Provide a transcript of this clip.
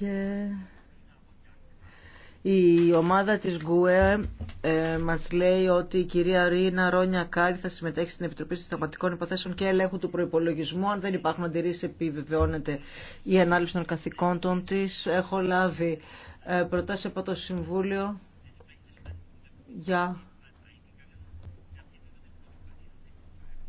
και η ομάδα της ΓΚΟΕ ε, μας λέει ότι η κυρία Ρίνα Ρόνια Κάρη θα συμμετέχει στην Επιτροπή Συνταγματικών Υποθέσεων και Ελέγχου του Προϋπολογισμού. Αν δεν υπάρχουν αντιρρήσεις επιβεβαιώνεται η ανάλυση των καθηκόντων της. Έχω λάβει ε, προτάσεις από το Συμβούλιο για